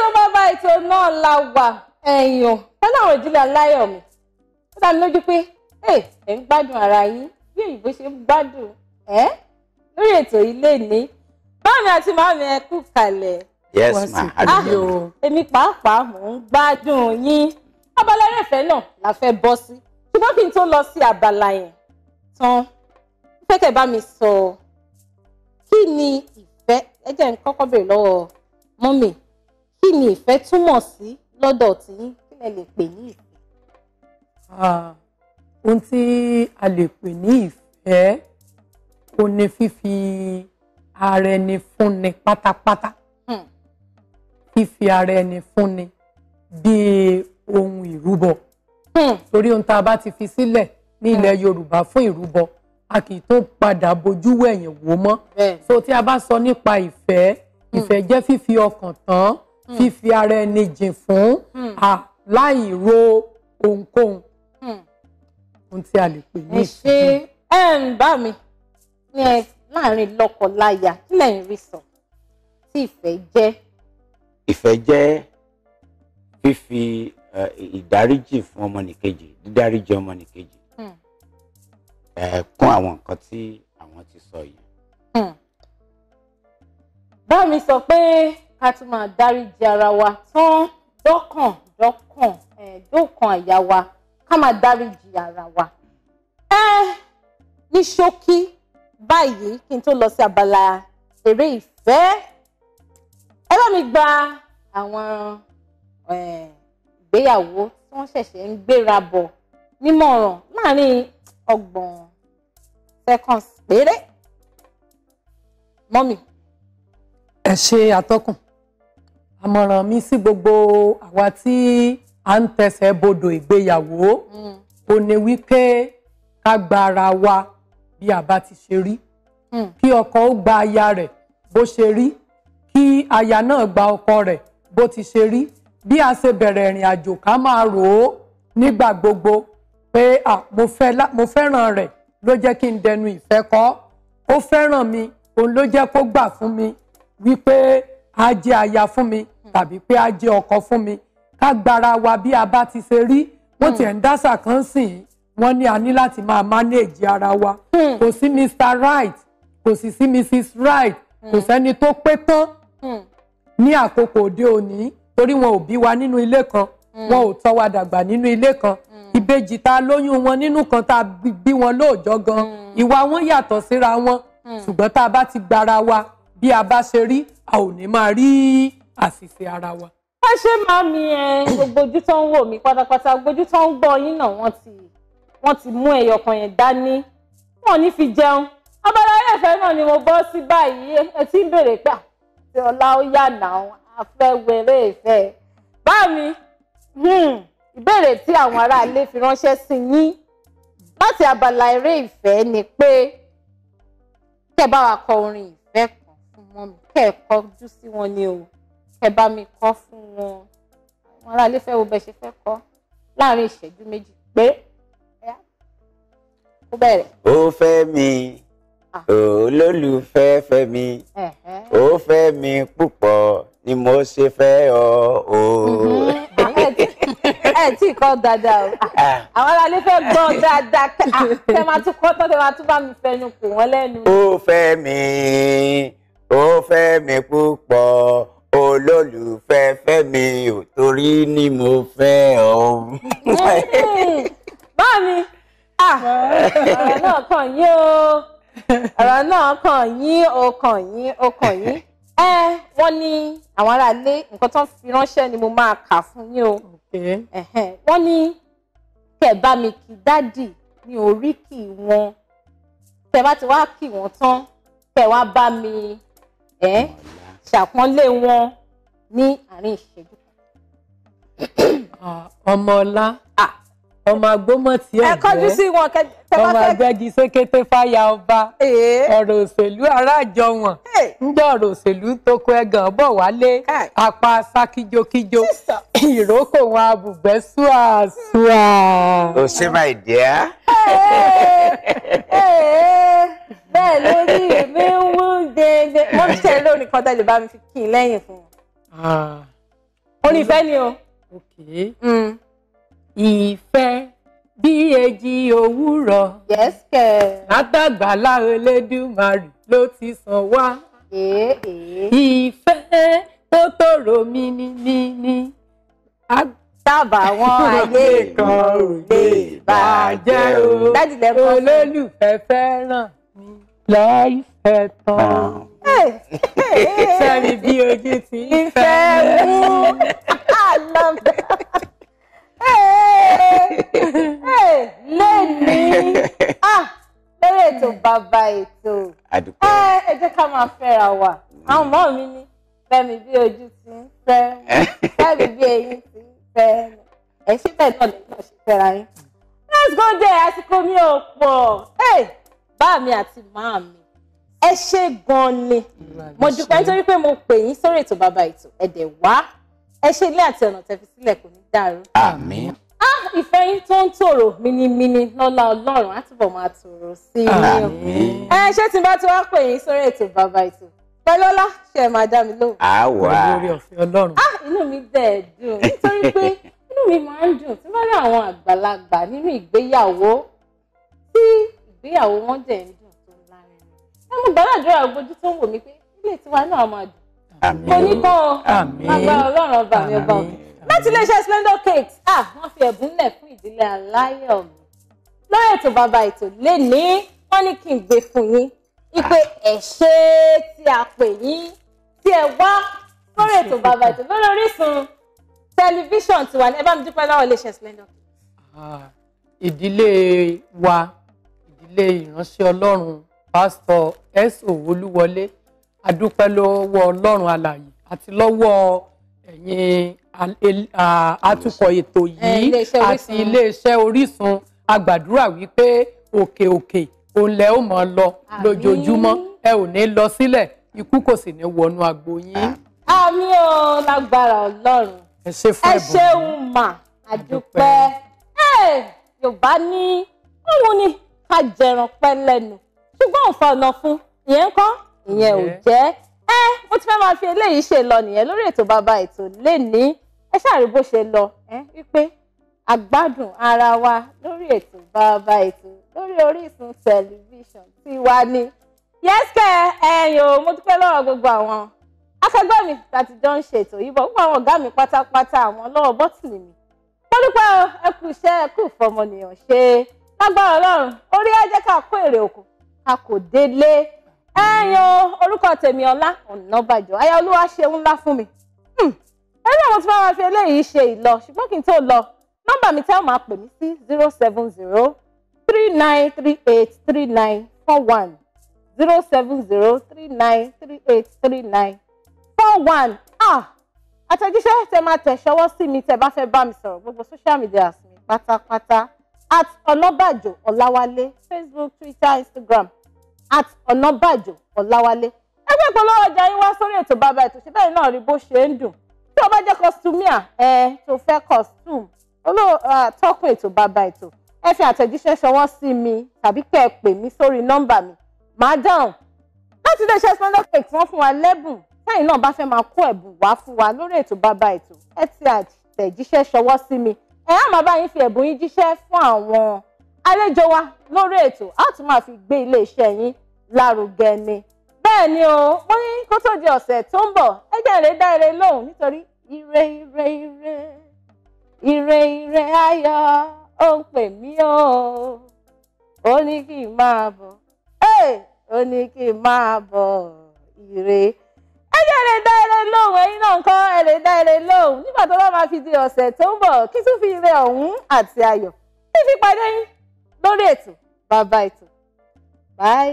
ètò bàbá ètò náà la wà ẹ̀yàn pẹ̀lú àwọn ìdílé aláyọ̀ mi ó dá mi lójú pé ẹ ẹ ń gbádùn ara yín bí òyìnbó ṣe ń gbádùn ẹ lórí ètò ilé ní báàmì àti màmí ẹ kú kalẹ̀. yes ma àdúgbò ah, èmi pàápàá mò ń gbádùn yín abala ẹrẹ̀fẹ̀ náà la fẹ́ bọ́ sí ṣùgbọ́n kí n tó lọ sí abala yẹn tán fẹ́kẹ̀ bá mi sọ kí ni ìfẹ́ ẹ jẹ́ n kọ́kọ́ béèrè lọ́wọ́ mọ́mì kí ni ìfẹ́ túmọ̀ sí lọ́dọ̀ tí kí lẹ lè pè ní ìfẹ́. ohun tí a lè pè ní ìfẹ́ ó ní fífi ara ẹni fúnni pátápátá hmm. fífi ara ẹni fúnni bíi ohun ìrúbọ hmm. torí ohun tá a bá ti fi sílẹ̀ ní hmm. ilẹ̀ Yorùbá fún ìrúbọ a kì í tó padà bojú wẹ̀yìn wò mọ́ so tí a bá sọ nípa ìfẹ́ ìfẹ́ jẹ́ fífi ọkàn tán Hmm. fífi ara ẹni jìn fún hmm. láì ro ohunkóhun hmm. ohun tí a lè pè ní ìṣe. ẹ ń bá mi ní ẹ láàrin lọ́kọláya kí lẹ́yìn rí sọ tí ìfẹ́ jẹ́. ìfẹ́ jẹ́ fífi ìdáríjì fún ọmọnìkejì dídáríjì ọmọnìkejì kún àwọn nǹkan tí àwọn ti sọ yìí. bá mi sọ pé ká tún máa dáríjì ara wa tán dọ́kàn dọ́kàn dọ́kàn àyà wa ká máa dáríjì ara wa. ẹ ní ṣókí báyìí kí n tó lọ sí abala eré ìfẹ́ ẹ bá mi gba àwọn ìgbéyàwó tí wọ́n ṣẹ̀ṣẹ̀ ń gbéra bọ̀ nímọ̀ràn láàrin ọgbọ̀n seconds péré mọ́mì. ẹ ṣe atọ́kùn àmọ̀ràn mi sí gbogbo àwa tí à ń tẹsẹ̀ bodò ìgbéyàwó ò mm. ní wípé ká gba ara wa bí a bá ti ṣe rí mm. kí ọkọ ó gba aya rẹ̀ bó ṣe rí kí aya náà gba ọkọ rẹ̀ bó ti ṣe rí bí a ṣe bẹ̀rẹ̀ ìrìn àjò ká máa rò ó nígbà gbogbo pé mo fẹ́ràn rẹ̀ ló jẹ́ kí n dẹnu ìfẹ́ kọ́ ó fẹ́ràn mi òun ló jẹ́ kó gbà fún mi wípé á jẹ́ aya fún mi tàbí pé á jẹ́ ọkọ fún mi ká gbára wa bí a bá ti ṣe rí wọ́n ti ẹ̀ ń dásà kan sìn wọ́n ní a ní láti máa manage ara wa hmm. kò sí Mr Right kò sì sí Mrs Right kò hmm. sẹ́ni tó pé tán hmm. ní àkókò òde òní torí wọn ò bí wa nínú ilé kan wọn ò tọ́ wa dàgbà nínú ilé kan ìbejì ta lóyún wọn nínú kan tá a bí wọn lóòjọ́ gan ìwà wọn yàtọ̀ síra wọn ṣùgbọ́n tá a bá ti gbara wa bí a bá ṣe rí a ò ní máa rí àṣìṣe ara wa. wọ́n ṣe máa mi ẹ gbogbo ojú tó ń wò mí pátápátá gbogbo tó ń gbọ́ yín náà wọ́n ti wọ́n ti mú ẹyọ yẹn dání wọ́n ní fi jẹun abala ẹ̀fẹ́ náà ni mo bọ́ sí báyìí ẹ ti ń béèrè pé àti ọlá ó yà náà afẹ́ wẹ̀rẹ̀ ìfẹ́ bá mi hmm, ìbéèrè tí àwọn aráalé fi ránṣẹ́ sí yín láti abala eré ìfẹ́ ni pé kẹ́ bá wa kọ orin ìfẹ́ kan fún mọ́mi kẹ́ kọjú sí wọn ni o kẹ́ bá mi kọ́ fún wọn àwọn aráalé fẹ́ wo bẹ́ ṣe fẹ́ kọ́ láàrin ìṣẹ́jú méjì pé ó bẹ̀rẹ̀. ó fẹ́ mi olólùfẹ́ fẹ́ mi ó fẹ́ mi púpọ̀ ni mo ṣe fẹ́ ọ o. Mhm. ẹ tí kọ́ dáadáa o àwọn aráalé fẹ́ gbọ́ dáadáa kẹ́ máa tún kọ́ tán kẹ́ máa tún bá mi fẹnu kò wọ́n lẹ́nu. ó fẹ́ mi ó fẹ́ mi púpọ̀ olólùfẹ́ fẹ́ mi ò torí ni mo fẹ́ ọ. bá mi ah, ọ̀rọ̀ náà kàn yín o ọ̀rọ̀ náà kàn yín o kàn yín o kàn yín ẹ wọ́n ní àwọn aráalé nǹkan tó ń fi ránṣẹ́ ni mo máa kà fún yín o wọ́n ní kẹ̀ bá mi kí dádì ní oríkì wọn tẹ bá ti wá kí wọn tán tẹ wá bá mi ẹ ṣàpọ́nlé wọn ní àárín ìṣẹ́jú. ọmọọlá ah, ọmọ agbómọ tí ẹ jẹ ọmọ agbẹgi sékété fáyà ọba ọ̀rọ̀ òṣèlú aráàjọ wọn ńdọ ọ̀rọ̀ òṣèlú toko ẹgàn bọ wálé apá sákíjókíjó ìrókò wọn abùgbẹ ṣùàṣùà. òṣèlú my dear. bẹ́ẹ̀ lórí mi ń wú déédéé wọ́n ń ṣe lónìí kan tẹ́lẹ̀ bá mi fi kí i lẹ́yìn fún un. Ah. orin ni o. Mm. ìfẹ́ bí èjì òwúrọ̀. yes kẹ́. látàgbàlá Elédùmarè ló ti sàn wá. ìfẹ́ tó tòrò mi ní ní ní tábàwọn ayé kan ò lè bàjẹ́ o olólùfẹ́ fẹ́ràn láì fẹ́ tán sẹ́ni bí ojú ti fẹ́ mú àlàbẹ̀ lẹ́ni ah, lórí ètò bàbá ètò ah, ẹ jẹ́ ká máa fẹ́ra wa àwọn ọmọ mi ní fẹ́mi bí ojú ti ń fẹ́ fẹ́mi bí eyín ti ń fẹ́ ẹ̀ ṣí bẹ́ẹ̀ náà lè náà ṣe fẹ́ra yín let's go there àsìkò mi ò pọ̀ bàbá mi àti màá mi ẹ ṣe gan ni mo dúpẹ́ nítorí pé mo pè yín sórí ètò bàbá ètò ẹ̀dẹ̀ wá ẹ ṣe ilé àti ọ̀nà tẹ́ fi sílẹ̀ kò ní dàrú. àmín. ah ìfẹ́ yín tó ń tòrò mínímíní lọ́lá ọlọ́run á túbọ̀ máa tòrò sí i o. ẹ ṣé tí n bá ti wá pè yín sórí ètò bàbá ètò pẹ̀lọ́lá ṣe máa dá mi lóhùn. àwa ah inú mi dẹ̀ dùn nítorí pé inú mi máa ń dùn tí wọ́n rí àwọn àgbàlagbà nínú ìgbéyàwó tí ìgbéyàwó wọn dẹ̀ ń dùn tó ńlá rẹ̀ ẹ mú gbàdúrà gbójú tó ń wò mí pé ilé tiwa náà máa dùn mo ní kọ́ ọ àgbà ọlọ́run ọba mi ọba òkè láti iléeṣẹ́ Splendor Cakes ah wọ́n fi ẹ̀bùn lẹ̀ fún ìdílé aláyọ̀ mi lórí ètò bàbá ètò lénìí wọ́n ní kí n gbé fún yín ipe ẹ̀ṣẹ́ tí a pè yín tí ẹ wá lórí ètò bàbá ètò lórí Orísun tẹlifíṣàn tiwa ní ẹ bá mi dúpẹ́ lọ́wọ́ iléeṣẹ́ Splendor. Ah, ìdílé wa ilé ìránṣẹ́ ọlọ́run pásítọ̀ s Olúwọlé adúpẹ́ lọ́wọ́ ọlọ́run alààyè àti lọ́wọ́ ẹ̀yin atukọ̀ ètò yìí àti iléeṣẹ́ Orísun a gbàdúrà wípé òkè òkè òǹlẹ̀ ó mọ̀ lọ lójoojúmọ́ ẹ ò ní lọ sílẹ̀ ikú kò sì ní wọnú agbo yín. àmì ò lágbára ọlọ́run ẹ ṣe fún ẹbùn ẹ ṣeun mà àdúpẹ́ yorùbá ní òun ni ká jẹran pẹ́ lẹ́nu ṣùgbọ́n òfa ọ̀nà fún ìyẹn ń kọ́ ìyẹn ò jẹ́ ẹ mo ti fẹ́ máa fi eléyìí ṣe lọ nìyẹn lórí ètò bàbá ètò lénìí ẹ ṣàrí bó ṣe lọ ẹ wípé àgbádùn ara wa lórí ètò bàbá ètò lórí Orísun tẹlifíṣàn tiwa ni yẹ́sìkẹ́ ẹ̀yìn o mo dúpẹ́ lọ́rọ̀ gbogbo àwọn akẹgbẹ́ mi láti jọ ń ṣètò yìí bọ̀ gbogbo àwọn ọ̀gá mi pátápátá àwọn ọlọ́wọ́ bọ́tìlì mi mo dúpẹ́ ẹ kú iṣẹ́ ẹ kú ìfọmọnìyàn ṣe lágbára ọlọ́run orí ẹ jẹ́ ká kó èrè òkú a kò délé ẹ̀yin o orúkọ tèmi Ọlá Ọ̀nàbàjọ́ aya olúwa ṣe ńlá fún mi hmm, ẹ̀rí àwọn tí wọ́n máa fi eléyìí ṣe ìlọ ṣùgbọ́n kí n tó lọ nọ́mbà mi tẹ́ ọ̀ máa pè mí sí zero seven zero three nine three eight three nine four one zero seven zero three nine three eight three nine four one ah àtẹ̀jíṣẹ́ tẹ máa tẹ̀ ṣọwọ́ sí mi tẹ bá fẹ́ bá mi sọ̀rọ̀ gbogbo social media mi pátápátá at Ọ̀nàbàjò Ọ̀làwálé Facebook Twitter Instagram at Ọ̀nàbàjò Ọ̀làwálé ẹgbẹ́ ìpolówó ọjà yín wá sórí ètò bàbá ètò ṣe bẹ́ẹ̀ náà rí bó ṣe ń dùn tó o bá jẹ́ kọ́sítúmíà ẹ tó fẹ́ kọ́sítúm tọ́kùn ètò bàbá ètò ẹ fi àtẹ̀jíṣẹ́ ṣọwọ́ sí mi tàbí pé ẹ pè mí sórí nọ́mbà mi màá dáhùn láti iléeṣẹ́ Splendor Cake tí wọ́n fún wa lẹ́bùn tẹ́yìn náà bá fẹ́ máa kó ẹ̀bùn wá fún wa lórí ètò bàbá ètò ẹ ti àtẹ̀jíṣẹ́ ṣọwọ́ sí mi 0244 ẹ á máa bá yín fi ẹ̀bùn yín jíṣẹ́ fún àwọn àlejò wa lórí ètò a tún máa fi gbé iléeṣẹ́ yín lárugẹ ni bẹ́ẹ̀ ni o mo ní kó tó di ọ̀sẹ̀ tó ń bọ̀ ẹ jẹ́ ìrè dá ire lóhùn nítorí ire ire ire ire ire ayọ̀ ó ń pè mí o ó ní kí n máa bọ̀ eh, ó ní kí n máa bọ̀ ire jẹ́ lè dá ẹlẹ́ lóhùn ẹ̀yin náà kọ́ ẹ lè dá ẹlẹ́ lóhùn nígbà tó bá máa fi di ọ̀sẹ̀ tó ń bọ̀ kí tún fi ire ọ̀hún àti ayọ̀ fífi pàdé yín lórí ètò bàbá ètò bye.